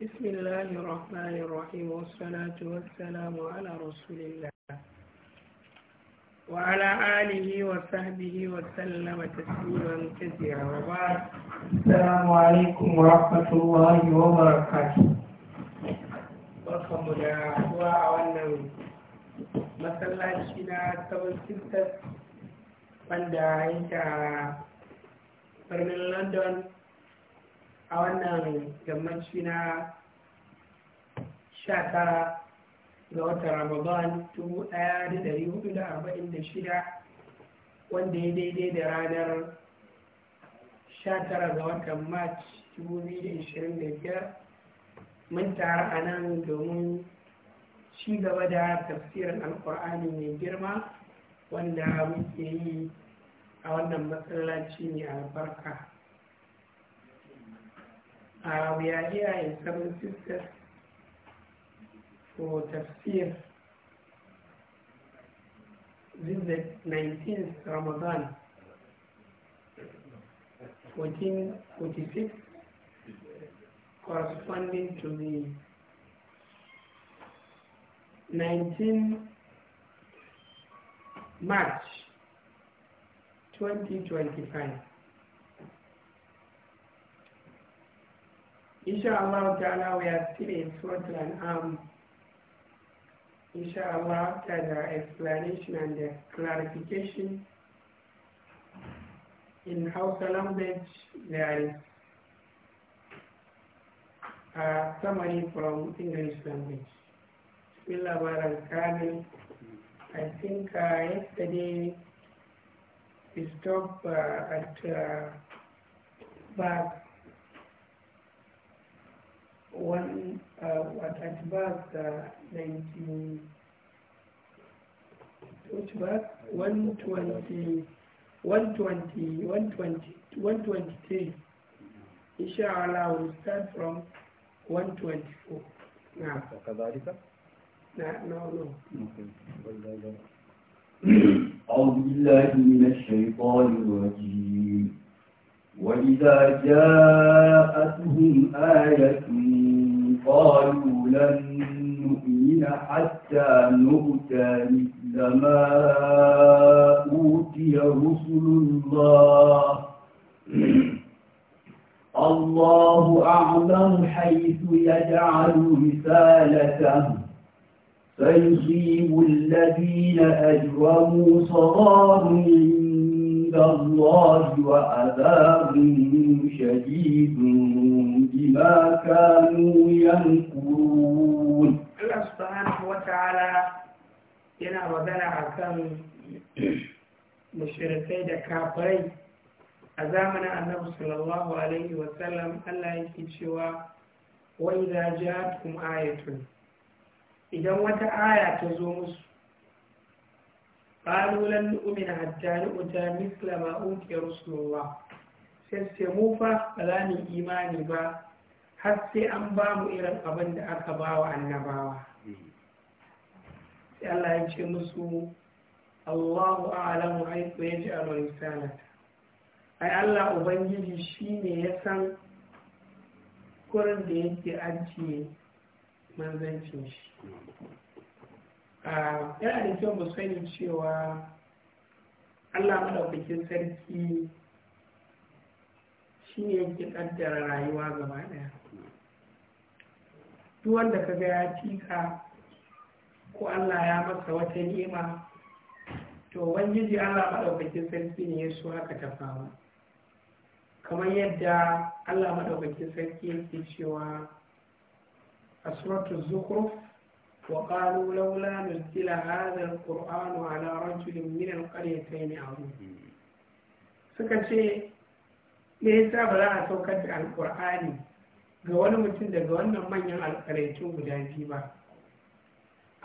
بسم الله الرحمن الرحيم والصلاة والسلام على رسول الله وعلى آله وصحبه وسلم تسليما كثيرا وبعد السلام عليكم ورحمة الله وبركاته ورحمة الله وعلمه a wannan masallaci na tsawon sisters wanda من a birnin london sha tara ga watan ramadan dubu ɗaya da dari hudu da arba'in da shida wanda ya daidai da ranar sha tara ga watan march dubu biyu da ishirin da biyar mun taru a nan domin ci gaba da tafsirin alkur'ani mai girma wanda muke yi a wannan matsalaci mai albarka a we are yin sabon seven sisters for Tafsir this is the 19th Ramadan 1446 corresponding to the 19th March 2025. Inshallah, we are still in Surah al Inshallah, after the explanation and the clarification, in Hausa language there is a summary from English language. Bismillah Barakani. I think uh, yesterday we stopped uh, at uh, verse one uh, at birth uh, 19 which birth 120 120 120 123 inshallah we'll start from 124 now nah, no no أعوذ بالله من الشيطان الرجيم وإذا جاءتهم آية قالوا لن نؤمن حتى نؤتى مثل ما أوتي رسل الله الله أعلم حيث يجعل رسالته فيصيب الذين أجرموا صغار عند الله وعذاب شديد بما كانوا ينكرون الله سبحانه وتعالى yana magana akan kan mushirikai da kafirai a zamanin annabi sallallahu alaihi wasallam allah yake cewa wai za ja ayatun idan wata aya ta zo musu qalu lan nu'mina hatta nu'ta mithla ma utiya sai mu fa ba za mu imani ba har sai an ba mu irin abin da aka ba wa annabawa sai Allah ya ce musu Allahu a'lamu haythu yaj'alu risalata ai Allah ubangiji shi shine ya san kurin da yake ajiye manzancin shi yana da kyau mu sani cewa allah maɗaukakin sarki shi ne yake kaddara rayuwa gaba ɗaya. duk wanda ka ga ya tika ko allah ya masa wata ni'ima to wangiji allah maɗaukakin sarki ne ya so haka ta fama kamar yadda allah maɗaukakin sarki yake cewa a suratul وقالوا لولا نزل هذا القرآن على رجل من القريتين عظيم suka ce me yasa ba za a saukar da alkur'ani ga wani mutum daga wannan manyan alkaraitu guda biyu ba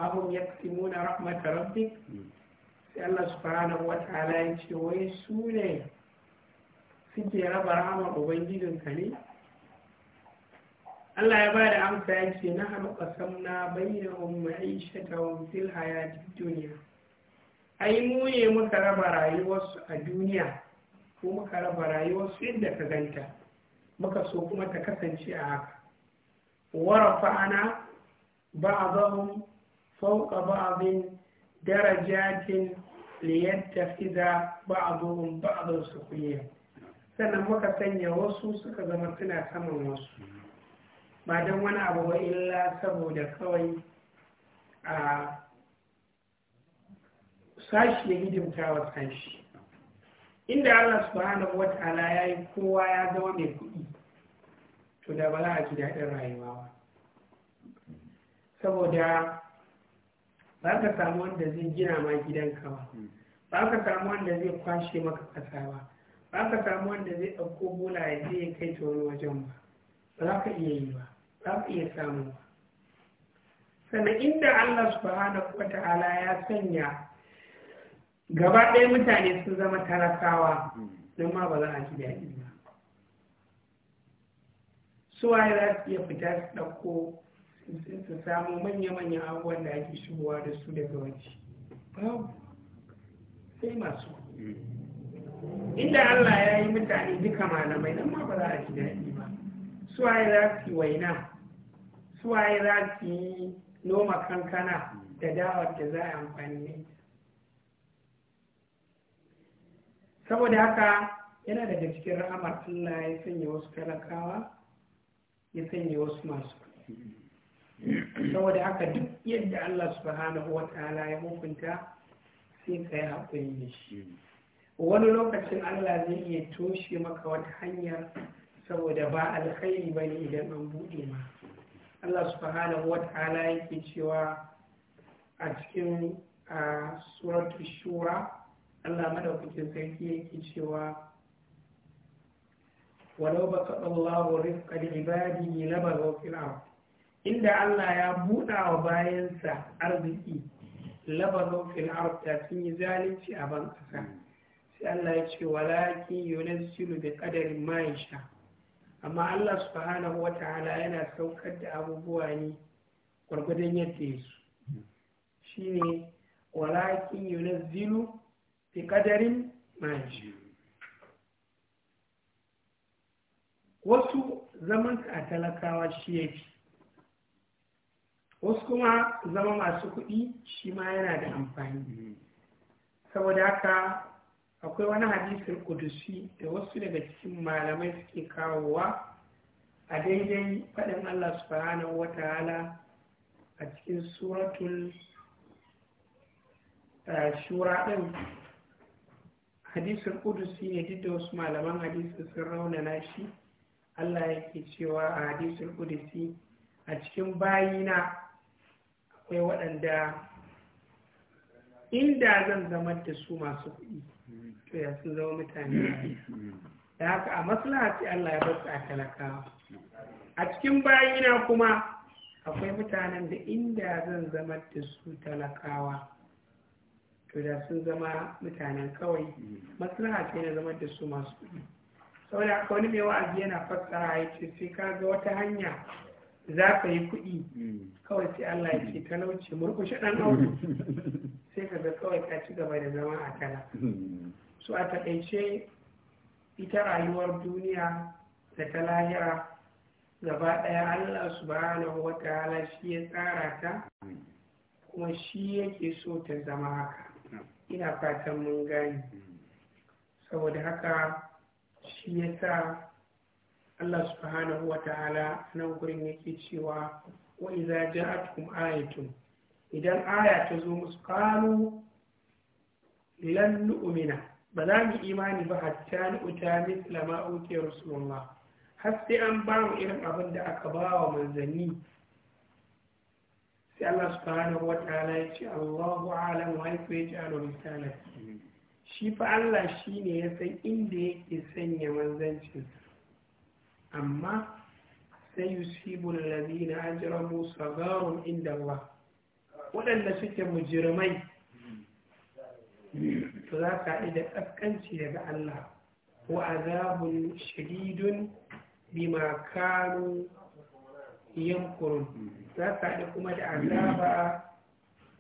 abun ya timuna rahmatar rabbi sai Allah subhanahu wa ta'ala ya ce wai su ne suke raba rahmar ubangijinka ne Allah ya bada amsa ya ce na hannu ƙasamna bainahum ma'ishatahum fil hayatid duniya ai mu ne muka raba rayuwarsu a duniya ko muka raba rayuwarsu inda ka ganta muka so kuma ta kasance a haka warafa ana ba'dahum fawqa ba'din darajatin liyattakhidha ba'dhum ba'dhan sukhriya sannan muka sanya wasu suka zama suna saman wasu ba don wani abu ba illa saboda kawai a sashi ya hidimta wa sashi inda Allah subhanahu wa ta'ala ya yi kowa ya zama mai kuɗi to da ba za a ji daɗin rayuwa ba saboda ba ka samu wanda zai gina ma gidanka ba ba ka samu wanda zai kwashe maka ƙasa ba ba ka samu wanda zai ɗauko bula ya zai ya kai ta wani wajen ba ba za ka iya yi ba za su iya samu sannan inda Allah subhanahu wa ta'ala ya sanya gaba ɗaya mutane sun zama talakawa don ma ba za a ji daɗi ba Su waye za su iya fita su ɗauko su samu manya-manyan abubuwan da ake shigowa da su daga waje babu sai masu inda Allah ya yi mutane duka malamai don ma ba za a ji daɗi ba Su waye za su yi waina suwaye za su yi noma kankana da dawar da za a amfani da saboda haka yana daga cikin ra'amar Allah ya sanya wasu talakawa ya sanya wasu masu saboda haka duk yadda Allah subhanahu wa ta'ala ya hukunta sai ka yi haƙuri da shi wani lokacin Allah zai iya toshe maka wata hanyar saboda ba alkhairi ba ne idan an buɗe ma Allah subhanahu wa ta'ala yake cewa a cikin surat shura Allah madaukakin sarki yake cewa walau baka Allahu rifqa li ibadihi labaghaw fil ard inda Allah ya buɗa wa bayansa arziki labar fil ard ta sun yi zalunci a ban ƙasa sai Allah ya ce walakin yunzilu bi qadarin ma yasha' amma Allah subhanahu wata ta'ala yana saukar da abubuwa ne gwargwadon yadda ya su ne walakin zilu fi kadarin maji wasu zaman a talakawa shi ya yake wasu kuma zama masu kuɗi shi ma yana da amfani saboda haka akwai wani hadisin kudusi da wasu daga cikin malamai suke kawowa a daidai faɗin Allah subhanahu wa ta'ala a cikin suratul shura ɗin kudusi ne duk da wasu malaman hadisin sun raunana shi Allah yake cewa a hadisar kudusi a cikin bayina akwai waɗanda inda zan zama da su masu kuɗi to ya sun zama mutane da haka a maslaha ce Allah ya su a talakawa a cikin bayina kuma akwai mutanen da inda zan zama da su talakawa to da sun zama mutanen kawai maslaha ce na zama da su masu kuɗi da aka wani mai wa'azi yana a yi ce sai ka ga wata hanya za ka yi kuɗi kawai sai Allah ya ce talauci murkushe ɗan aure sai ka ga kawai ka ci gaba da zama a kala su a taƙaice ita rayuwar duniya da ta lahira gaba ɗaya allah subhanahu wa ta'ala shi ya tsara ta kuma shi yake so ta zama haka ina fatan mun gani saboda haka shi ya sa allah subhanahu wa ta'ala nan gurin yake cewa wa iza ja'atkum ayatun idan aya ta zo musu qalu lan nu'mina ba za mu imani ba hatta ni uta misla ma uke rasulullah har sai an ba mu irin abin da aka ba wa manzanni sai Allah subhanahu wa ta'ala ya ce Allahu alam wa haifu ya alo shi fa Allah shi ne ya san inda yake sanya manzancin amma sai yusibu lalazina ajramu sagarun inda Allah waɗanda suke mujirmai to za ka haɗu da ƙasƙanci daga Allah wa azabun shadidun bima kanu yankurun za ka haɗu kuma da azaba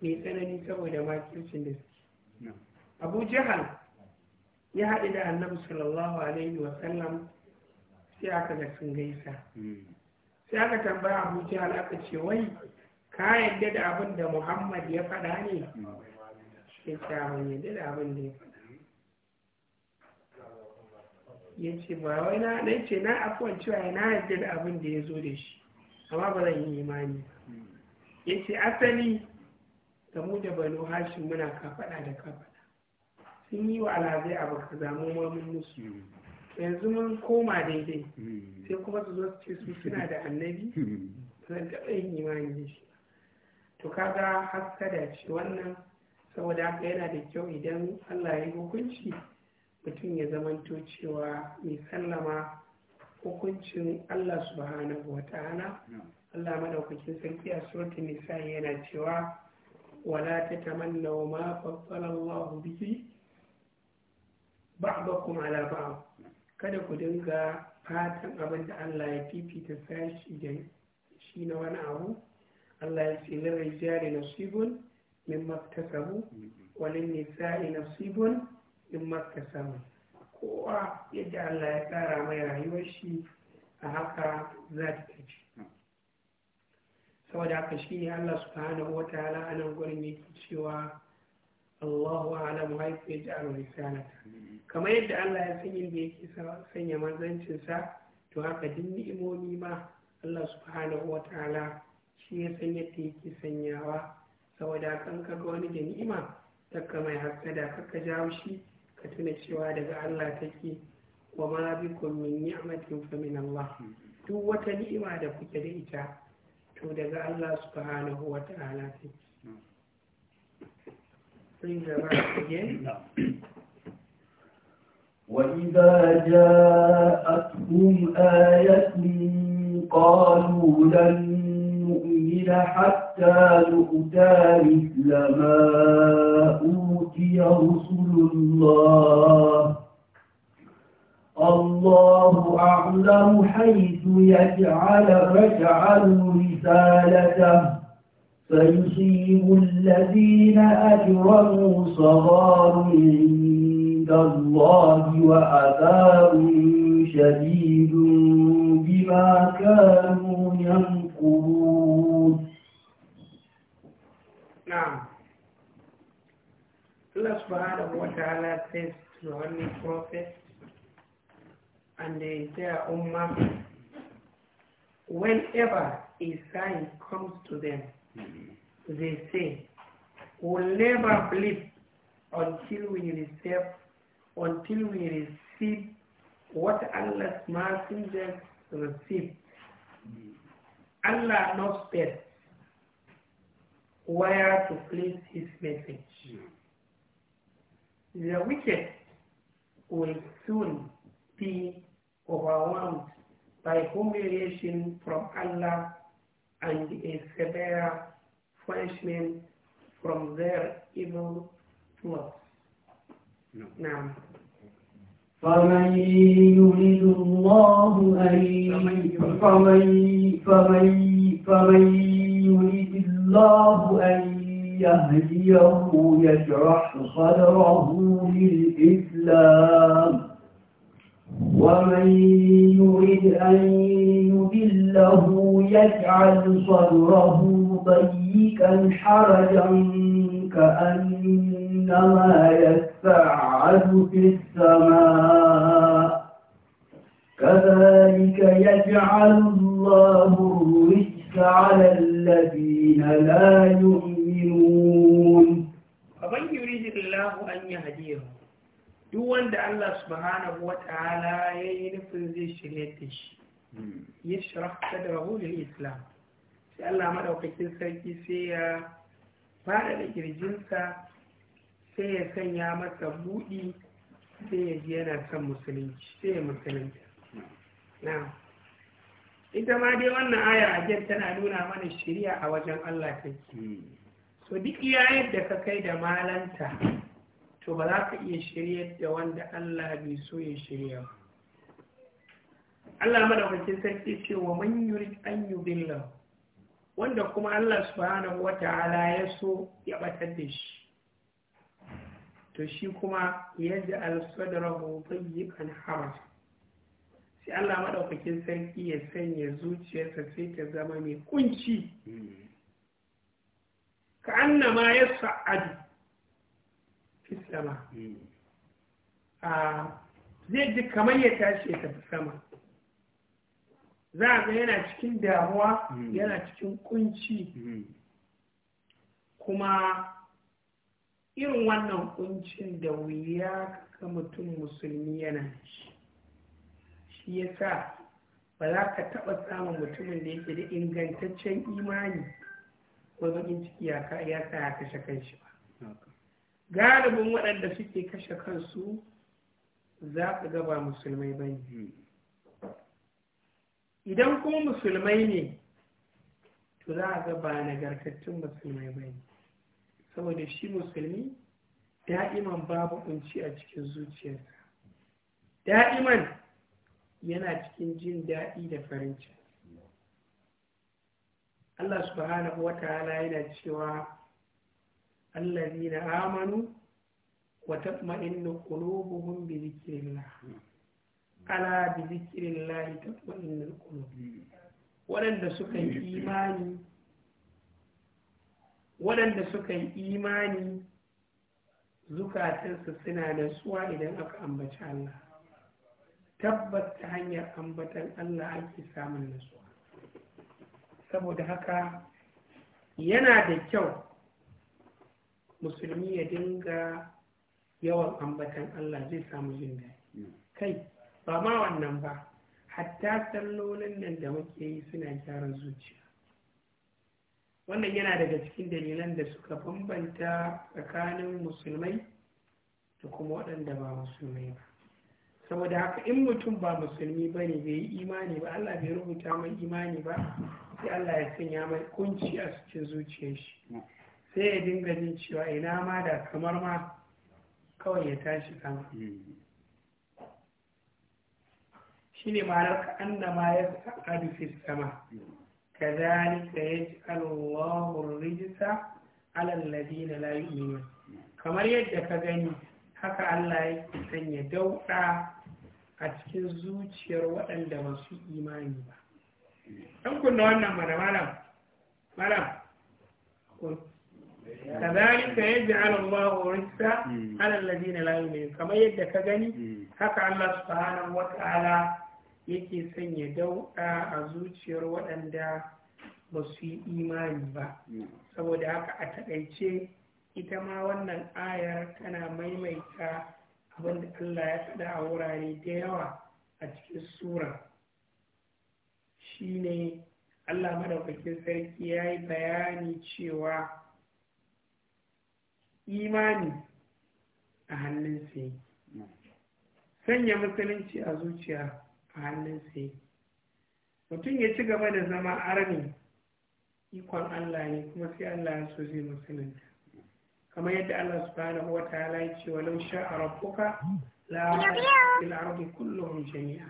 mai tsanani saboda makircin da su. abu ya haɗu da annabi sallallahu alaihi wasallam sai aka ga sun gaisa sai aka tambaya abu aka ce wai ka yadda da abin da muhammad ya faɗa ne Yace, yadda da abin da ya ya ce ba wai na na ce na afuwan cewa na yadda da abin da ya zo da shi amma ba zan yi imani ya ce asali da mu da banu hashin muna kafaɗa da kafaɗa sun yi wa alhazai abu kaza mu ma mun musu yanzu mun koma daidai sai kuma su zo su ce su suna da annabi zan taɓa yin imani da shi to kaga haskada ce wannan saboda haka yana da kyau idan allah ya hukunci mutum ya zamanto cewa mai sallama hukuncin allah subhanahu wa ta'ala allah madaukakin sarki a suratun nisa yana cewa wala ta tamanna wa ma fassala allah bihi ba'dakum ala ba'd kada ku dinga fatan abin da allah ya fifita sashi da shi na wani abu allah ya ce lirai jari nasibun mimma kasabu walin nisa'i nasibun mimma kasabu kowa yadda Allah ya tsara mai rayuwar shi a haka za ta tafi saboda haka shi ne Allah subhanahu wa ta'ala a nan gurin yake cewa Allahu alam haifu ya ji risalata kamar yadda Allah ya san inda yake sanya manzancinsa to haka din ni'imomi ma Allah subhanahu wa ta'ala shi ya san yadda yake sanyawa saboda kan ga wani da ni'ima takka mai da kaka jawo shi ka tuna cewa daga Allah take wa ma bikum min ni'matin fa min Allah duk wata ni'ima da kuke da ita to daga Allah subhanahu wa ta'ala take Bring the right وَإِذَا جَاءَتْهُمْ آيَةٌ قَالُوا قتل حتى يؤتى مثل ما أوتي رسل الله الله أعلم حيث يجعل يجعل رسالته فيصيب الذين أجرموا صغار عند الله وعذاب شديد بما كانوا ينظرون يتقون Now, Allah subhanahu what ta'ala says to the Holy Prophet and their Ummah, whenever a sign comes to them, mm-hmm. they say, we'll never believe until we receive, until we receive what Allah's messenger received." Allah knows best where to place his message. The wicked will soon be overwhelmed by humiliation from Allah and a severe punishment from their evil thoughts. No. Now, فمن يريد الله أن فمن فمن فمن يريد الله أن يهديه يشرح صدره للإسلام ومن يريد أن يضله يجعل صدره ضيقا حرجا كأن إنما يتبعد في السماء كذلك يجعل الله الرزق على الذين لا يؤمنون فمن يريد الله أن يهديه دون الله سبحانه وتعالى ينفذ شريطه يشرح صدره للإسلام sai Allah madaukakin sarki sai ya fara da kirjinsa sai ya sanya masa buɗi sai ya ji yana son musulunci sai ya musulunta na ita ma dai wannan aya a jan tana nuna mana shirya a wajen Allah take so duk iya yadda ka kai da malanta to ba za ka iya shirya da wanda Allah bai so ya shirya ba Allah madaukakin sarki ce wa man yurid an wanda kuma Allah subhanahu ta'ala ya so ya batar da shi to shi kuma yadda al-sadrahu tayyiban haraj sai Allah madaukakin sarki ya sanya zuciyarsa sai ta zama mai kunci ka annama sa'adu fi sama zai ji kamar ya tashi ya tafi sama za a ga yana cikin damuwa hmm. yana cikin kunci hmm. kuma irin wannan kuncin da wuya ga mutum musulmi yana shi shi ya sa ba za ka taɓa samun mutumin da yake da ingantaccen imani ko zaɓin ciki ya sa ya kashe kanshi ba galibin waɗanda suke kashe kansu za ka gaba musulmai ba ne hmm. idan kuma musulmai ne to za a gaba ba nagartattun musulmai ba ne saboda shi musulmi da'iman babu kunci a cikin zuciyarsa da'iman yana cikin jin daɗi da farin ciki Allah subhanahu wa ta'ala yana cewa allazina amanu wa tatma'innu qulubuhum bi zikrillah ala bi dhikrillah tatma'innul qulub waɗanda suka yi imani waɗanda suka yi imani zukatansu suna nasuwa idan aka ambaci Allah tabbas ta hanyar ambatan Allah ake samun nasuwa saboda haka yana da kyau musulmi ya dinga yawan ambatan Allah zai samu jin daɗi kai ba ma wannan ba hatta sallolin nan da muke yi suna gyaran zuciya wannan yana daga cikin dalilan da suka bambanta tsakanin musulmai da kuma waɗanda ba musulmai ba saboda haka in mutum ba musulmi ba ne bai yi imani ba allah bai rubuta mai imani ba sai allah ya sanya mai kunci a cikin zuciyar shi sai ya dinga jin cewa ina ma da kamar ma kawai ya tashi kan shi ne ma'anar ka annama ya sa'adu fi sama كذلك يجعل الله الرجس على الذين لا يؤمنون kamar yadda ka gani haka Allah ya sanya dauɗa a cikin zuciyar waɗanda masu imani ba ɗan kunna wannan mana malam malam كذلك يجعل الله رزقا على الذين لا يؤمنون كما يدك غني هكا الله سبحانه وتعالى yake sanya dauɗa a zuciyar waɗanda ba su yi imani ba saboda haka a taƙaice ita ma wannan ayar tana maimaita abin da allah ya faɗa a wurare da yawa a cikin sura shine allah madaukakin sarki ya yi bayani cewa imani a sai sanya musulunci a zuciya a hannun sai mutum ya ci gaba da zama arni ikon Allah ne kuma sai Allah ya so zai musulunta kamar yadda Allah subhanahu wa ta'ala ya ce walau sha'a rabbuka la fil ardi kulluhum jami'a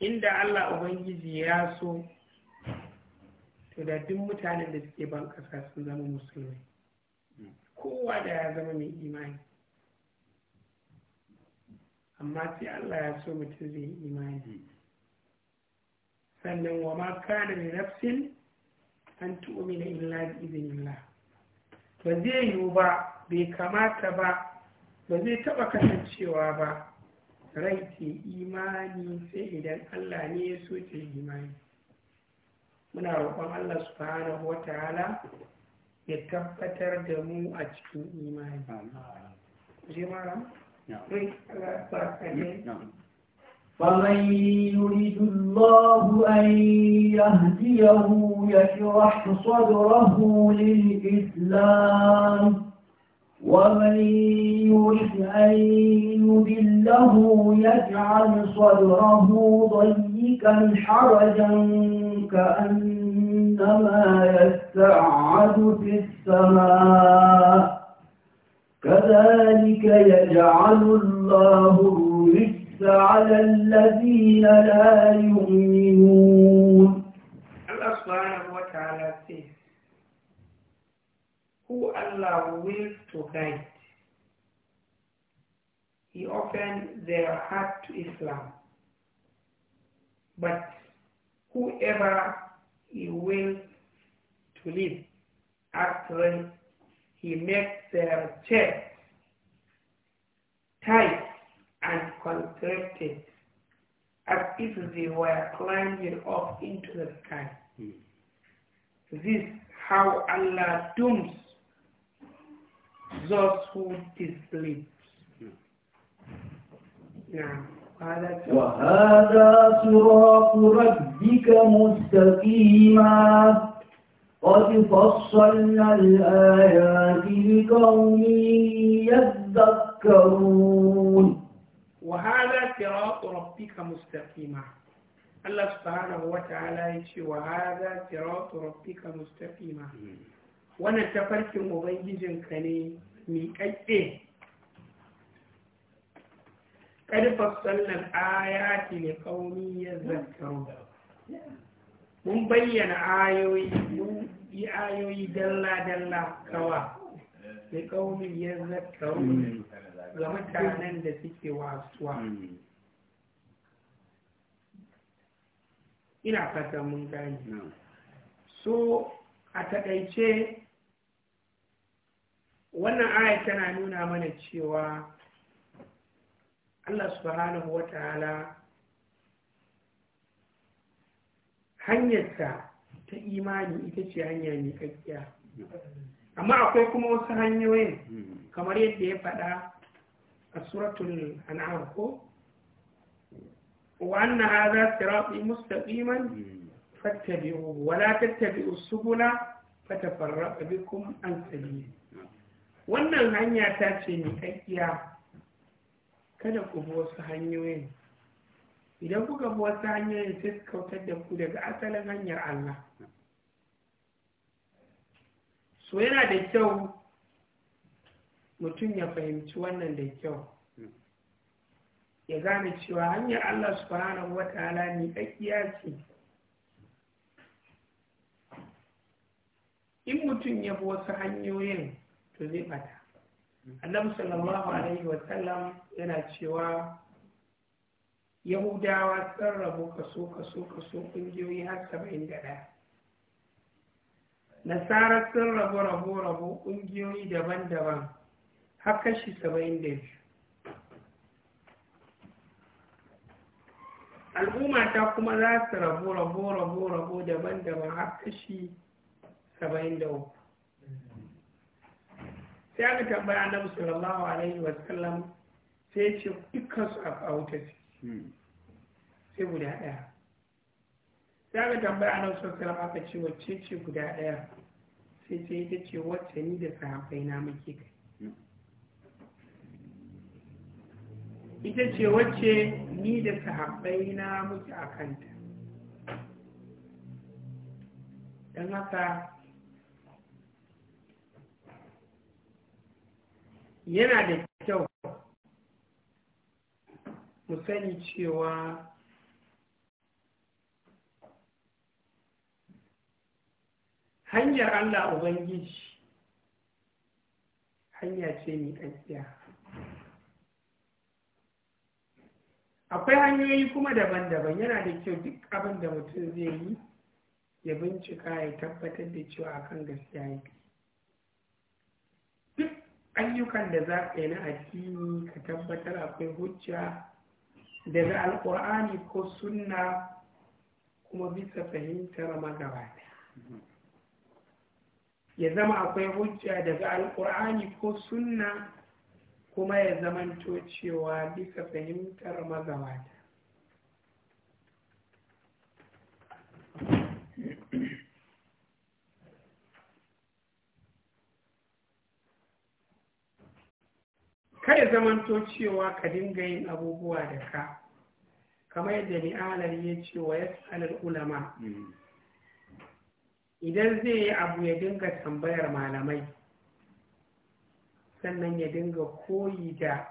inda Allah ubangiji ya so to da duk mutanen da suke ban kasa sun zama musulmai kowa da ya zama mai imani amma sai Allah ya so mutum zai yi imani sannan wa ma kana da nafsin an na illa izin Allah. ba zai yiwu ba bai kamata ba ba zai taɓa kasancewa ba rai ce imani sai idan Allah ne ya so ta imani muna roƙon Allah subhanahu wata hala ya tabbatar da mu a cikin imani. نعم. نعم. فمن يريد الله أن يهديه يشرح صدره للإسلام ومن يريد أن يذله يجعل صدره ضيقا حرجا كأنما يستعد في السماء كذلك يجعل الله الرجس على الذين لا يؤمنون says who Allah wills to guide he opened their heart to Islam but whoever he wills to lead after he makes their chest tight and contracted as if they were climbing up into the sky. Mm. This how Allah dooms those who disbelieve. نعم hmm. وهذا صراط ربك مستقيما قد فصلنا الآيات لقوم يذكرون وهذا صراط ربك مستقيما الله سبحانه وتعالى يشي وهذا صراط ربك مستقيما وانا تفرك مبيجين كني ميكاكي قد فصلنا الآيات لقوم يذكرون mun bayyana ayoyi mun yi ayoyi dalla-dalla kawa da kaunin ya zakaru ga mutanen da suke wasuwa ina fata mun gani so a takaice wannan aya tana nuna mana cewa Allah subhanahu wa ta'ala hanyarsa ta imani ita ce hanya mai kakkiya amma akwai kuma wasu hanyoyin kamar yadda ya faɗa a suratun an'am ko wa anna hadha sirati mustaqiman fattabi'u wa tattabi'u subula fatafarraqu bikum an sabili wannan hanya ta ce mai kakkiya kada ku bi wasu hanyoyin idan kuka bi wasu hanyoyin sai su kautar da ku daga asalin hanyar Allah so yana da kyau mutum ya fahimci wannan da kyau ya gane cewa hanyar Allah su na wata ala ne tsakiya ce in mutum ya bi wasu hanyoyin to zai bata Allah sallallahu alaihi wa sallam yana cewa yahudawa sun rabu kaso kaso kaso ƙungiyoyi har saba'in da ɗaya nasara sun rabu rabu rabu ƙungiyoyi daban-daban har kashi saba'in da biyu al'umma ta kuma za su rabu rabu rabu rabu daban-daban har kashi saba'in da uku sai aka tambaya annabi sallallahu alaihi wasallam sai ce dukkan su a wuta ce. Hmm. sai guda ɗaya sai aka tambaya ana wasu salam aka ce wacce ce guda ɗaya sai ce ita ce wacce ni da sahabbai na muke kai ita ce wacce ni da na muke a kanta don haka yana da mu sani cewa hanyar Allah Ubangiji hanya ce mai ƙafiya akwai hanyoyi kuma daban-daban yana da kyau duk abin da mutum zai yi ya bincika ya tabbatar da cewa akan gaskiya yake duk ayyukan da za ka yi na addini ka tabbatar akwai hujja daga alkur'ani ko sunna kuma bisa fahimtar magabata ya zama akwai hujja daga alkur'ani ko sunna kuma ya zamanto cewa bisa fahimtar magabata kada zamanto cewa ka dinga yin abubuwa da ka kamar yadda ni'alar ya ce wa ya ulama idan zai yi abu ya dinga tambayar malamai sannan ya dinga koyi da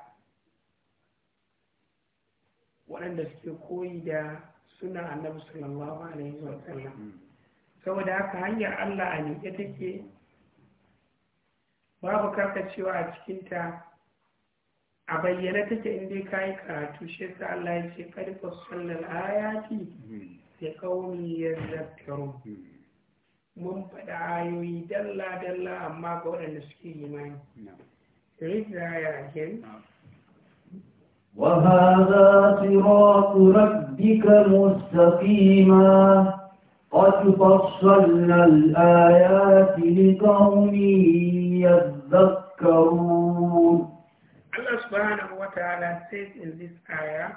waɗanda suke koyi da suna annabi sallallahu alaihi wa sallam saboda haka hanyar Allah a miƙe take babu karkacewa a cikinta a bayyana take in dai yi karatu shi sa Allah ya ce kad fasalal ayati ya kauni ya zakaru mun faɗa ayoyi dalla dalla amma ga waɗanda suke imani read the ayah again وهذا صراط ربك مستقيما قد فصلنا الآيات لقوم يذكرون Allah subhanahu wa ta'ala says in this ayah,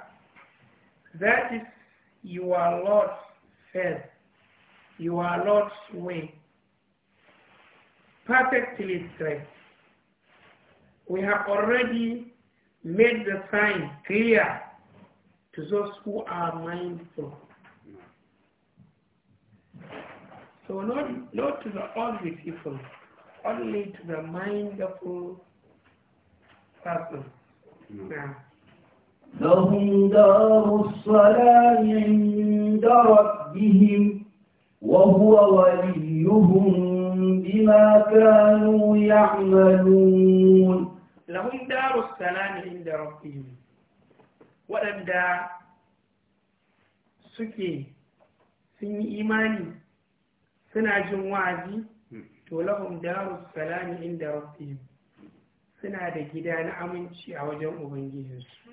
that is your Lord's faith, your Lord's way, perfectly straight. We have already made the sign clear to those who are mindful. So not, not to the ordinary people, only to the mindful نعم. نعم. لهم دار الصلاة عند ربهم وهو وليهم بما كانوا يعملون لهم دار السلام عند ربهم ولم دا سكي سني إيماني سنعجم وعدي تو دار السلام عند ربهم suna da gida na aminci a wajen ubangijinsu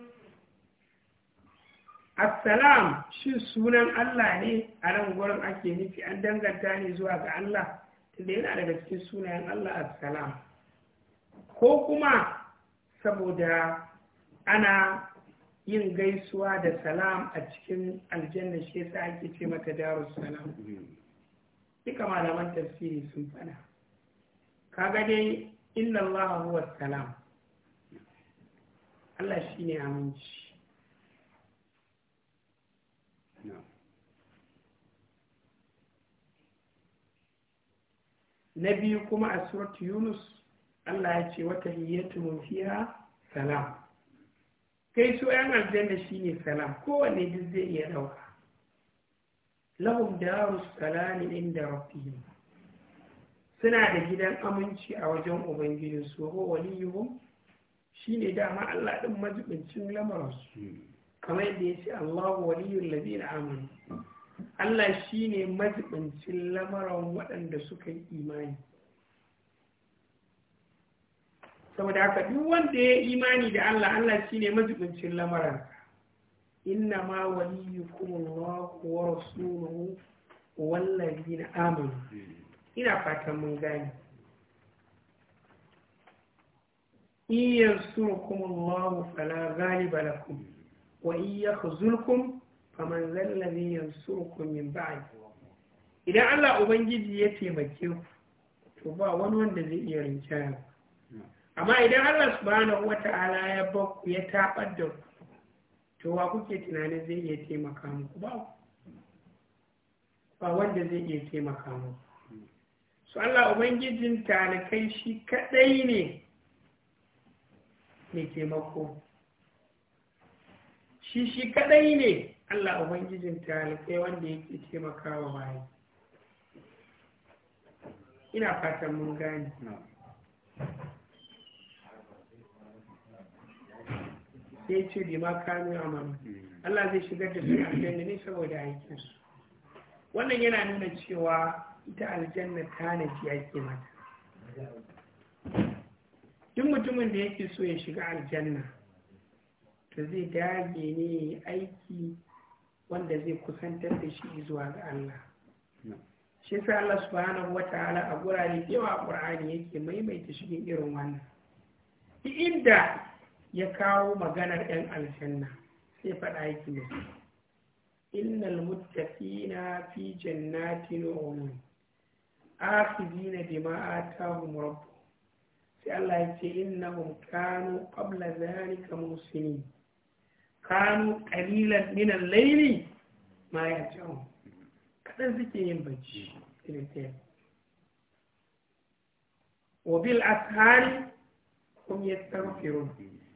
assalam shi sunan allah ne a nan gurin ake nufi an danganta ne zuwa ga allah tunda yana daga cikin sunayen allah assalam ko kuma saboda ana yin gaisuwa da salam a cikin aljanna shi yasa ake ce mata daru salam duka malaman tafsiri sun fana. kaga dai inna allaha huwa salam Allah shi ne aminci na biyu kuma a surat yunus Allah ya ce wata hiyyatu fiya salam kai su yan aljanna shi ne salam kowanne duk zai iya ɗauka lahum daru salami inda rabbihim suna da gidan aminci a wajen ubangijinsu wa waliyuhum shine dama Allah din majibincin lamarinsu kamar yadda ya ce Allahu waliyul ladina amanu Allah shine majibincin lamarin waɗanda suka yi imani saboda haka duk wanda ya imani da Allah Allah shine majibincin lamarin inna ma waliyukum Allahu wa rasuluhu wallazina amanu ina fatan mun gani in yansurukum Allahu fala ghaliba lakum wa in yakhzulkum faman zal ladhi yansurukum min ba'd idan Allah ubangiji ya taimake ku to ba wani wanda zai iya rinjaya amma idan Allah subhanahu wata'ala ya bakku ya tabar da ku to wa kuke tunanin zai iya taimaka muku ba ba wanda zai iya taimaka muku su Allah ubangijin talikai shi kadai ne mai taimako shi shi kadai ne Allah ubangijin talikai wanda yake taimakawa bayi ina fatan mun gane ya ce da ma kanu amanu hmm. Allah zai shigar da su aljanna ne saboda aikinsu wannan yana nuna cewa ita aljanna tanaji ake mata duk mutumin da yake so ya shiga aljanna to zai dage ne aiki wanda zai kusantar da shi zuwa ga Allah shi sai Allah subhanahu wataala a gurare yawa Qur'ani yake maimaita shi irin wannan ki inda ya kawo maganar 'yan aljanna sai faɗa yake musu innal muttaqina fi jannatin wa akhidina bima atahum rabbuhum sai Allah ya ce innahum kanu qabla dhalika muslimin kanu qalilan min al-layli ma yahjaun kadan suke yin bacci irin ta wa bil ashari hum yastaghfirun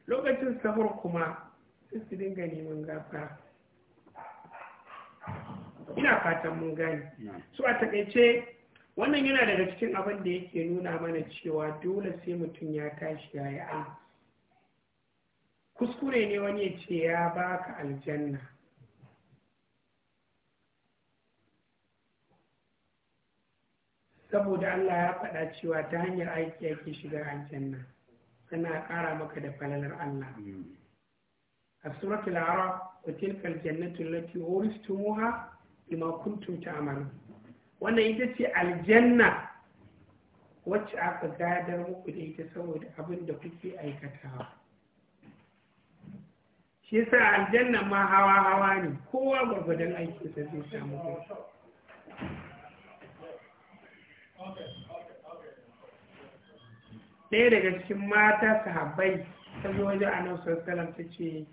lokacin sahur kuma su su dinga neman gafara ina fatan mun gane su a takaice wannan yana daga cikin abin da yake nuna mana cewa dole sai mutum ya tashi ya yi a kuskure ne wani ya ce ya baka aljanna saboda Allah ya faɗa cewa ta hanyar aiki ya ke shiga aljanna tana ƙara maka da falalar Allah a suratul araf wa tilkal jannatu allati uristumuha bima kuntum ta'malun wannan ita ce aljanna wacce aka gadar muku da ita saboda abin da kuke aikatawa shi sa aljanna ma hawa hawa ne kowa gwargwadon da zai samu ba. ɗaya daga cikin mata sahabai ta zo wajen annabi sallallahu ta ce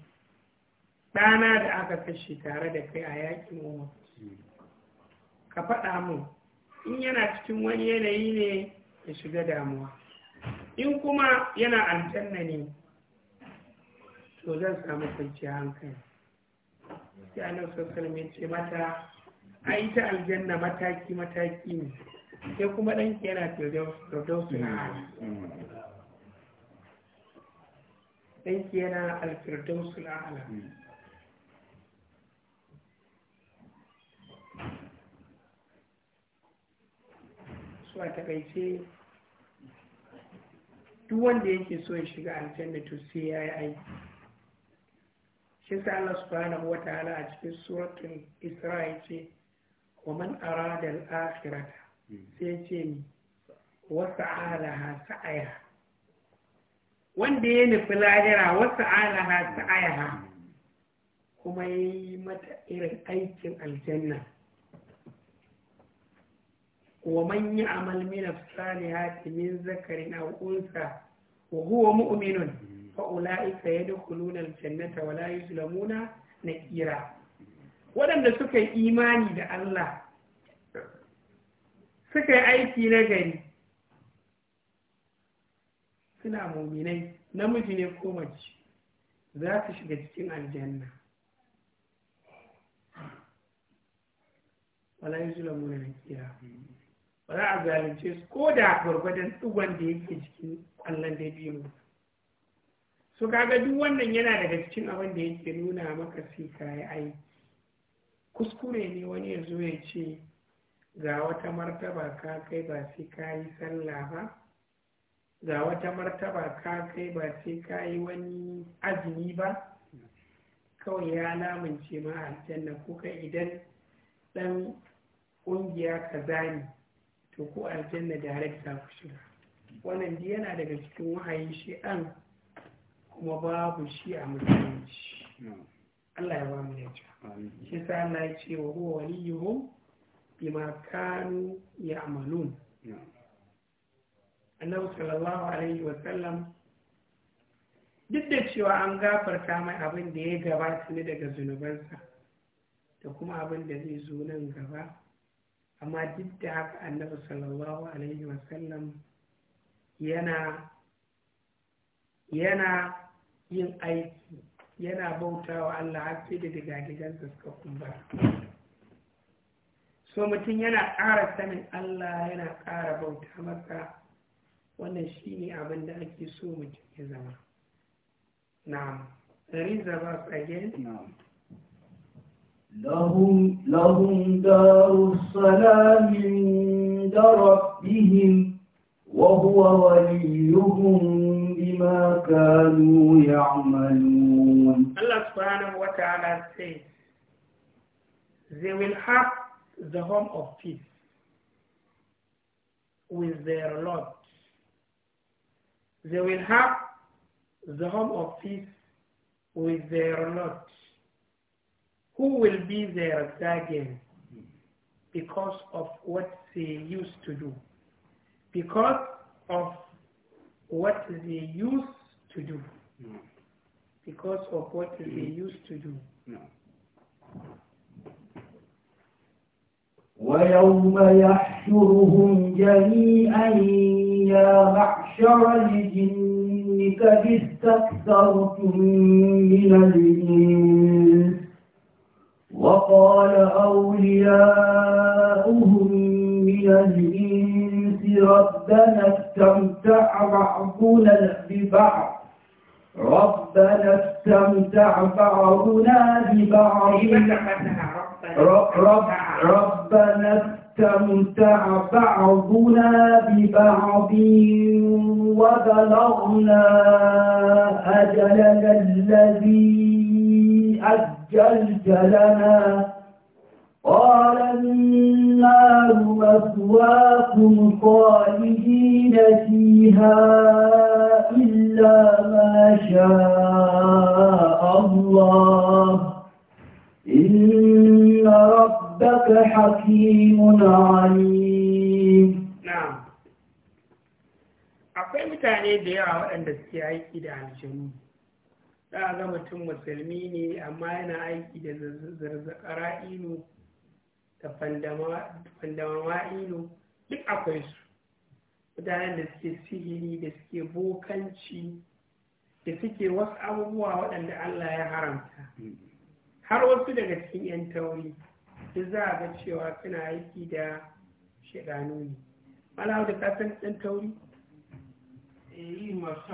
ɗana da aka kashe tare da kai a yakin umar ka faɗa mu in yana cikin wani yanayi ne ya shiga damuwa in kuma yana aljanna ne to zan samu kwanciyar hankali sai annabi sallallahu alaihi ce mata a yi ta aljanna mataki mataki ne sai kuma ɗanki yana firdausu na ala ɗanki yana alfirdausu na ala hmm. so a takaice duk wanda yake so ya shiga aljanna to sai ya yi aiki shi sa Allah subhanahu wa ta'ala a cikin suratul Isra ya ce wa man arada al-akhirata sai ya ce ni wa sa'alaha sa'aya wanda ya nufi lahira wa sa'alaha sa'aya kuma yayi mata irin aikin aljanna wa man ya'mal min as-salihati min zakarin aw unsa wa huwa mu'minun fa ulaika yadkhuluna al-jannata wa la yuzlamuna nakira waɗanda suka yi imani da Allah suka yi aiki na gari suna muminai namiji ne ko mace za su shiga cikin aljanna wala yi zula muna kira ba za a zalunce su ko da gwargwadon tsugon da yake cikin kwallon da biyu su kaga duk wannan yana daga cikin abin da yake nuna maka sai ka yi ai kuskure ne wani ya zo ya ce ga wata martaba ka kai ba sai ka yi sallah ba ga wata martaba ka kai ba sai ka yi wani azumi ba kawai ya lamunce ma aljanna ko kai idan ɗan ƙungiya ka zani to ko aljanna da har za ku shiga wannan ji yana daga cikin wahayi shi an, kuma babu shi a shi. Allah ya ba mu da shi sa Allah ya ce wa huwa waliyuhum bima kanu ya'malun annabi sallallahu alaihi wa sallam duk da cewa an gafarta mai abin da ya gabata ne daga zunubansa da kuma abin da zai zo nan gaba amma duk da haka annabi sallallahu alaihi wasallam yana yana yin aiki yana bautawa Allah har sai da digadigansa suka kumbura so mutum yana ƙara sanin Allah yana ƙara bauta masa wannan shine ne abin da ake so mutum ya zama na'am riza ba again na'am لهم لهم دار السلام عند ربهم وهو وليهم بما كانوا يعملون الله سبحانه وتعالى says they will have the home of peace with their Lord they will have the home of peace with their Lord who will be their guardian because of what they used to do, because of what they used to do, hmm. because of what they hmm. used to do. Hmm. ويوم يحشرهم جميعا يا معشر الجن قد استكثرتم من الإنس وقال أولياؤهم من الإنس ربنا استمتع بعضنا ببعض ربنا استمتع بعضنا ببعض رب ربنا استمتع بعضنا ببعض وبلغنا أجلنا الذي أجلت لنا قال النار مثواكم خالدين فيها إلا ما شاء الله إن ربك حكيم عليم نعم akwai mutane da yawa waɗanda suke aiki za a ga mutum musulmi ne amma yana aiki da zarzakara ino da fandamawa ino duk akwai su mutanen da suke sihiri da suke bokanci da suke wasu abubuwa waɗanda Allah ya haramta har wasu daga cikin 'yan tauri duk za a ga cewa suna aiki da shaɗanu ne. Malawa da kasan 'yan tauri? Eh, yi masu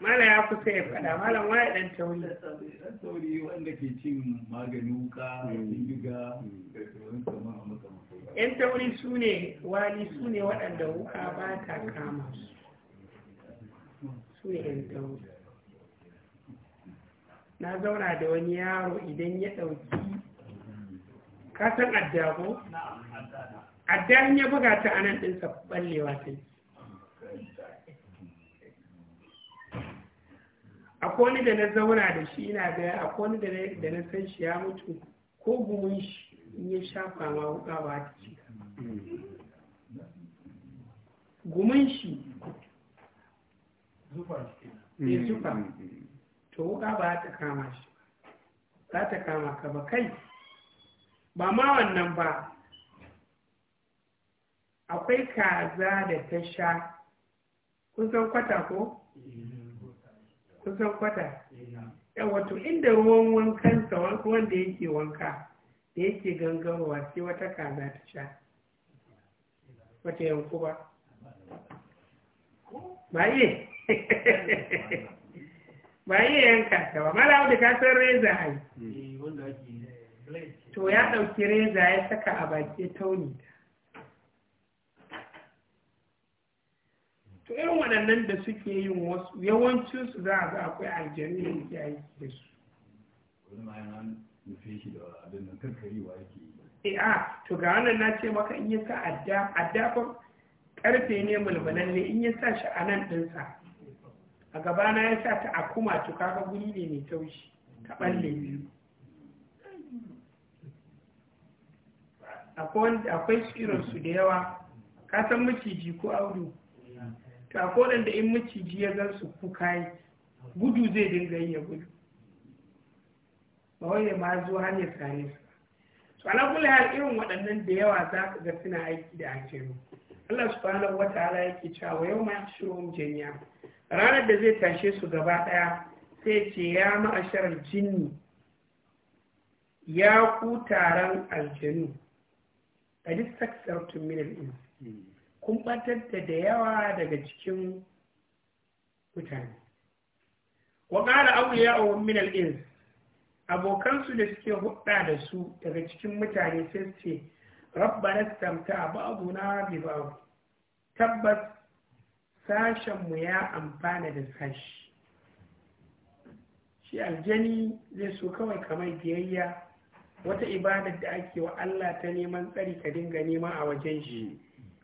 mala ya kusa ya fada malam waya dan tauri dan tauri wanda ke cin magani wuka hmm. bindiga hmm. da sauran kamar amma makamakon yan tauri su ne wani su ne waɗanda wuka ba ta kama su su ne yan tauri na zauna da wani yaro idan ya ɗauki kasan addabo addan ya buga ta anan ɗinsa ɓallewa ta yi akwai wani da na zauna da shi ina gaya, akwai wani da na san shi ya mutu ko gumin shi in ya shafa ma wuka ba ta ci gumin shi ya zufa eh, mm, mm, mm. to wuka ba ta kama shi za ta kama ka ba kai ba ma wannan ba akwai kaza da ta sha kun san kwata ko eh. kusan kwata eh, yawa wato inda ruwan wankansa ruwan da yake wanka da yake gangarwa sai wata kaza ta sha wata yanku ba ba iya ba iya yanka ta ba mala wadda kasar reza hai eh, eh, to ya ɗauki reza ya saka a baki tauni ta to irin waɗannan da suke yin wasu yawancin su za a ga akwai aljanu da suke aiki da su wani a eh, ah, to ga wannan na ce maka in ya sa adda adda fa karfe ne ne in ya sa shi a nan ɗinsa a gabana ya sa ta a kuma to kaga guri ne mai taushi ta ɓalle biyu akwai irin su da yawa ka san maciji ko audu to kodan da in maciji ya gan su kuka yi gudu zai dinga yi ya gudu ba ya ma zo hanyar ya su to ala kulli hal irin waɗannan da yawa za ka ga suna aiki da aljanu? Allah subhanahu wataala yake cewa yau ma shirum jami'a ranar da zai tashe su gaba ɗaya sai ce ya ma'asharar jini ya ku taron aljanu a distaktar tuminar insu kun ɓatar da da yawa daga cikin mutane wa ƙara ya a min al'ins abokansu da suke hudda da su daga cikin mutane sai ce rabbana stamta na bi ba'd tabbas sashenmu ya amfana da sashi shi aljani zai so kawai kamar biyayya wata ibadar da ake wa Allah ta neman tsari ka dinga nema a wajen shi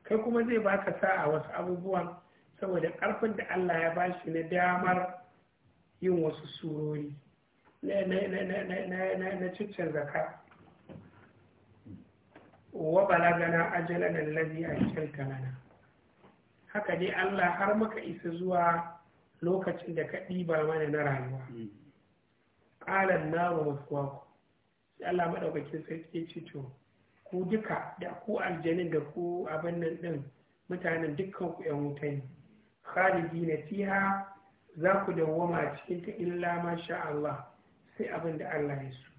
kai kuma zai baka sa a wasu abubuwan saboda karfin da Allah ya bashi na damar yin wasu surori na ciccin zaka wa balagana ajalan allazi ajalta lana haka dai Allah har muka isa zuwa lokacin da ka ɗiba mana na rayuwa hmm. ƙalan na wa Allah maɗaukakin sarki ya ce to ku duka da ku aljanin da ku abin nan ɗin mutanen dukkan ku ‘yan wuta ne khalidi na fiha za ku dawwama cikin ta illa masha Allah sai abin da Allah ya so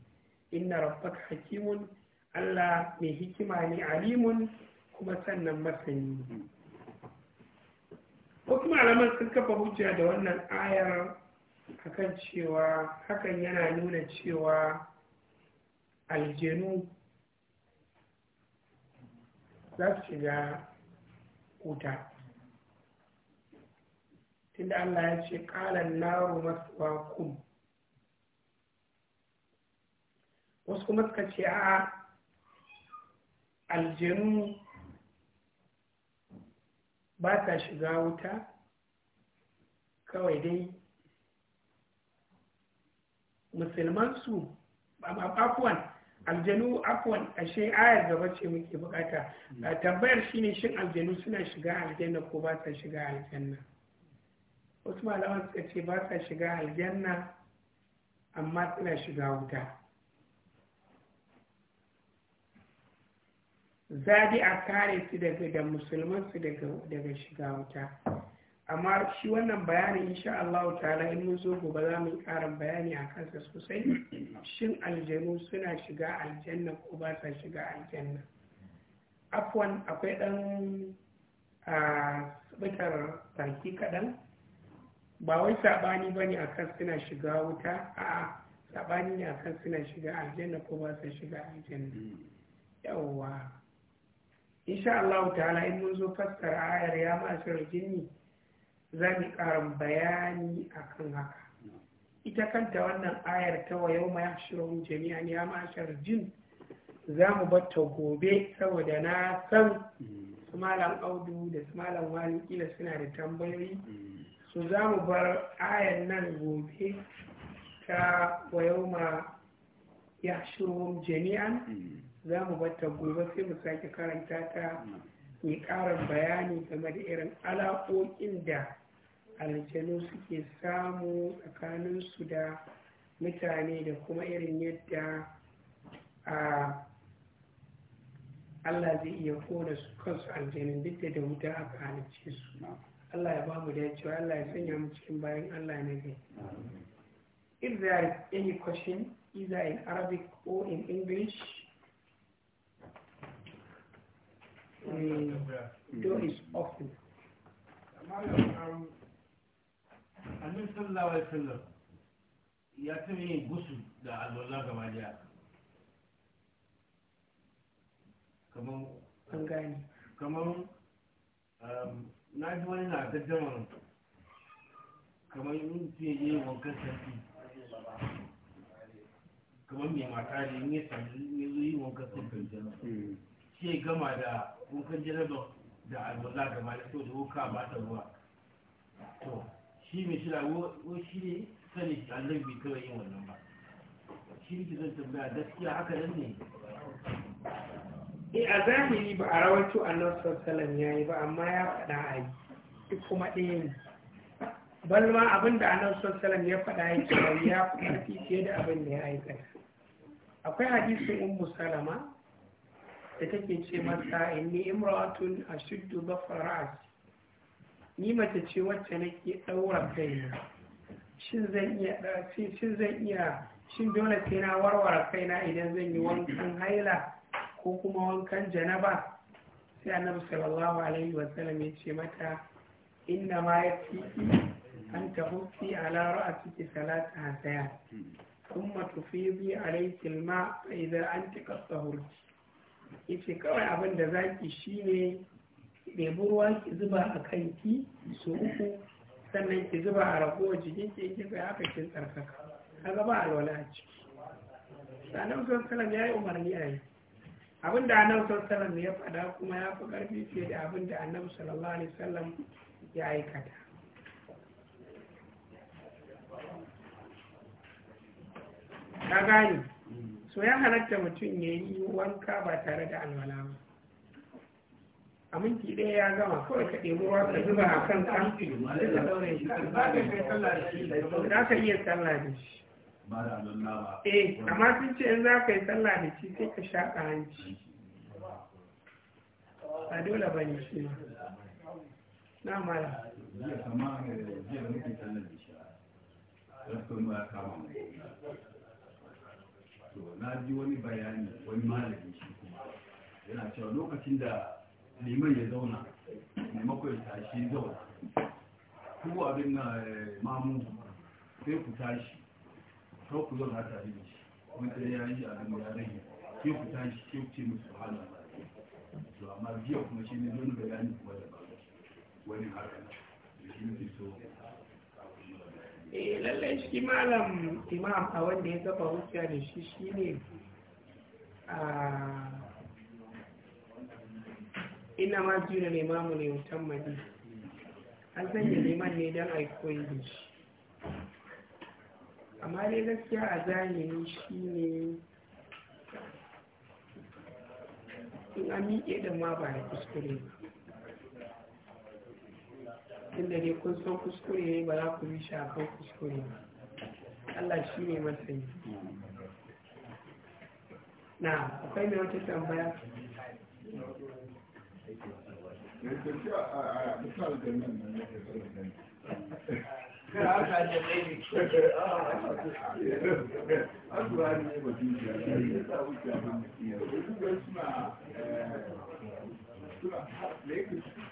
inna rabbaka hakimun Allah mai hikima ne alimun kuma sannan masani ko wasu malaman sun kafa hujja da wannan ayar akan cewa hakan yana nuna cewa aljanu za su shiga wuta tunda Allah ya ce ƙalan naru masuwa kum wasu kuma suka ce a aljanu ba ta shiga wuta kawai dai musulman su ba ma aljanu afwan ashe ayar gaba ce muke bukata hmm. ah, tambayar shine shin aljanu suna shiga aljanna ko ba sa shiga aljanna wasu malaman suka ce ba sa shiga aljanna amma suna shiga wuta zadi a kare su daga da musulman daga shiga wuta amma shi wannan bayanin insha Allah ta'ala in mun zo gobe za mu yi karin bayani a kansa sosai shin aljanu suna shiga aljanna ko ba sa shiga aljanna afwan akwai dan a bitar sarki kaɗan ba wai saɓani ba ne a kan suna shiga wuta a saɓani ne a kan suna shiga aljanna ko ba sa shiga aljanna yawwa insha Allah ta'ala in mun zo fassara ayar ya ma shirjini jinni za mu ƙarin bayani a kan haka ita kanta wannan ayar ta wa yau ma ya jami'an ya ma'ashar jin za mu batta gobe saboda na san su malam audu da su malam wani kila suna da tambayoyi su za mu bar ayar nan gobe ta wa ma ya jami'an za mu batta gobe sai mu sake karanta ta yi ƙarin bayani game da irin alaƙoƙin da aljanu suke samu tsakaninsu da mutane da kuma irin yadda a Allah zai iya kone su kansu aljanun duk da wuta a halicce su Allah ya bamu da cewa Allah ya sanya mu cikin bayan Allah na gai if there is any question either in Arabic or in English Eh, mm. annin ya taɓa yin gusu da alwala gaba daya kamar kamar um, na ji wani na kamar ce yi wankan sarki kamar mai mata ne yi wankan sarki mm. sai gama da wankan jirgin da alwala gaba da so da wuka ba ta ruwa to shi mai shira wo shi ne sani allon bai kawai yin wannan ba shi ne zan tambaya gaskiya haka nan ne e a zahiri ba a rawaito annan sassalan ya yi ba amma ya faɗa a yi duk kuma ɗaya ne balma abin da annan sassalan ya faɗa ya ce ya fi fiye da abin da ya aikata akwai hadisin ummu salama da take ce masa inni imratun ashuddu dhafara ni mace ce wacce nake daura kaina shin zan iya shin zan iya shin dole sai na warware kaina idan zan yi wankan haila ko kuma wankan janaba sai annabi sallallahu alaihi wa sallam ya ce mata inna ma yatiki an tahuffi ala ra'atiki salata hasaya ثم تفيضي عليك الماء فإذا أنت قد طهرت yace kawai abin da za ki shi ne ruwa ki zuba a kanki su uku sannan ki zuba a ragowar jikin ki ki ga haka kin tsarkaka kaga ba alwala a ciki sanan sun salam yi umarni a yi abin da annabi sallallahu ya faɗa kuma ya fi ƙarfi fiye da abin da annabi sallallahu alaihi wasallam ya aikata ka gani so ya halatta mutum ya yi wanka ba tare da alwala ba a minti ɗaya ya gama kawai ka ɗebi ruwa ka zuba a kan kan da za ka iya shi eh amma sun ce in za ka yi tsalla da shi sai ka sha ƙaranci. ba dole ba ne shi ma na mara ya kama da shi a ya kama to na ji wani bayani wani malami shi kuma yana cewa lokacin da liman ya zauna maimakon ya tashi zauna ku abin na eh, mamu sai ku tashi sau ku zauna tare da shi wanda ya yi abin ya rage sai ku tashi sai ku ce musu hana to amma jiya kuma shi ne wani bayani kuma da ba wani harkar da shi ne so eh lallai shi malam imam a wanda ya kafa hujja da shi shine a ina ma jira ne ne wutan madi an sanya neman ne don a koyi da shi amma dai gaskiya a zahiri shi ne in an miƙe da ma ba da kuskure ba dai kun kuskure ba za ku yi kuskure ba Allah shi ne masani na akwai mai wata tambaya Thank you.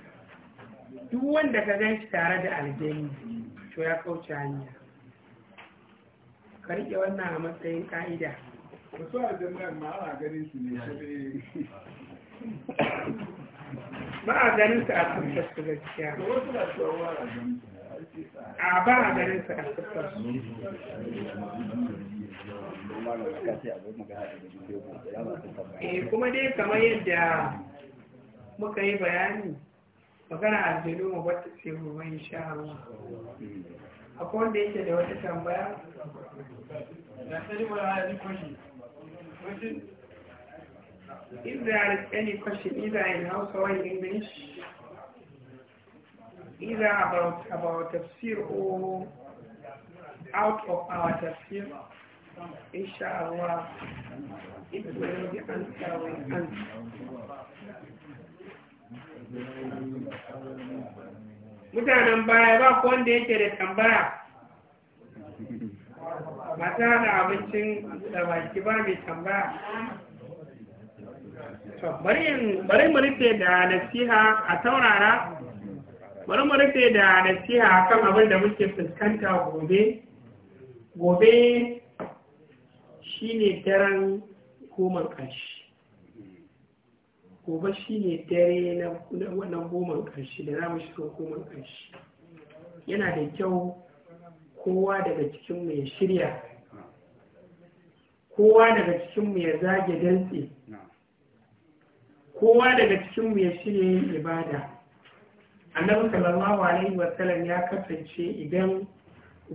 duk wanda ka gan shi tare da aljani to ya kauce hanya ka riƙe wannan a matsayin ƙa'ida wasu aljannan ma ana ganin su ne ba a ganin su a fuskar su gaskiya a ba a ganin su a fuskar su eh, kuma dai kamar yadda muka yi bayani magana aljanu mu ba ta ce gobe insha Allah akwai wanda yake da wata tambaya If there is any question either in Hausa or in English, either about about tafsir or out of our tafsir, inshallah, it will be answered. mutanen baya ba ku wanda yake da tambaya Mata da abincin da baki ba mai tambaya bari mu rufe da nasiha a taurara bari mu rufe da nasiha a kan abin da muke fuskanta gobe gobe shine daren koman kashi gobe shi ne dare na goma ƙarshe da za mu shiga goma ƙarshe yana da kyau kowa daga cikinmu ya shirya kowa daga cikinmu ya zage dantse kowa daga cikinmu ya shirya yin ibada annabi sallallahu alaihi sallam ya kasance idan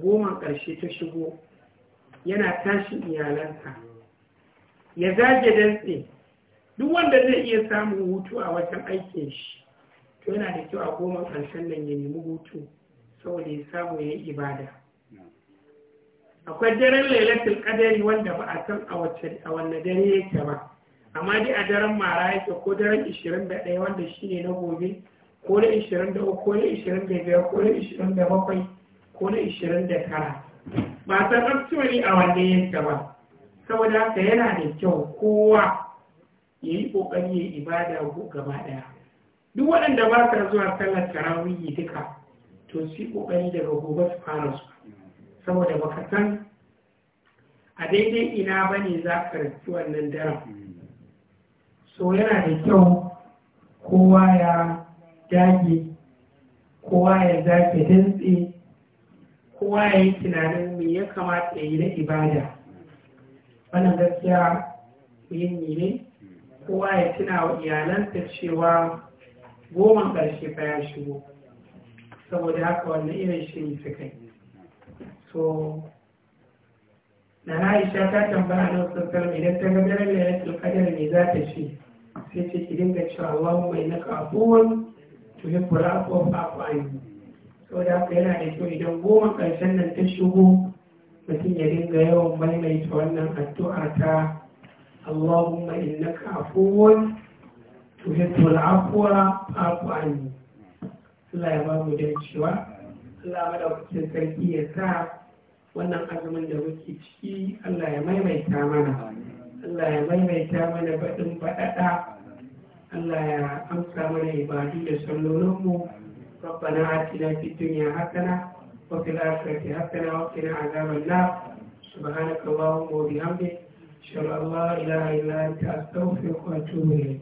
goma ƙarshe ta shigo yana tashin iyalansa ya zage dantse duk wanda zai iya samun hutu a wajen aikin shi to yana da kyau a goma ƙarshen nan ya nemi hutu saboda ya samu ya yi ibada akwai daren lailatul qadari wanda ba a san a wanne dare yake ba amma dai a daren mara yake ko daren 21 wanda shine na gobe ko na 23 ko na 25 ko na 27 ko na 29 ba san actually a wanne yake ba saboda haka yana da kyau kowa ya yi ƙoƙari ya ibada gaba ɗaya duk waɗanda ba sa zuwa sallar tarawihi duka to su yi ƙoƙari daga gobe su fara su saboda ba ka san a daidai ina ba ne za ka rasu wannan daren so yana da kyau kowa ya dage kowa ya zafi dantse kowa ya yi tunanin me ya kamata ya yi na ibada wannan gaskiya yin ne kowa ya tuna wa iyalanta cewa goma ƙarshe fa ya shigo saboda haka wannan irin shiri su yi so na Aisha ta tambaya na mai idan ta ga daren da yake kadar me za ta ce sai ce ki dinga cewa Allahu mai na kafuwan to yi kula ko fafuwan saboda haka yana da kyau idan goma ƙarshen nan ta shigo mutum ya dinga yawan maimaita wannan addu'a ta اللهم إنك عفو تحب العفو فاعف عني Allah ya ba mu dacewa Allah madaukakin sarki ya sa wannan azumin da muke ciki Allah ya maimaita mana Allah ya maimaita mana baɗin baɗaɗa Allah ya amsa mana ibadu da sallolinmu ربنا آتنا في الدنيا حسنة وفي الآخرة حسنة وقنا عذاب النار سبحانك اللهم وبحمدك Shall Allah, la Ilai, Kastofi,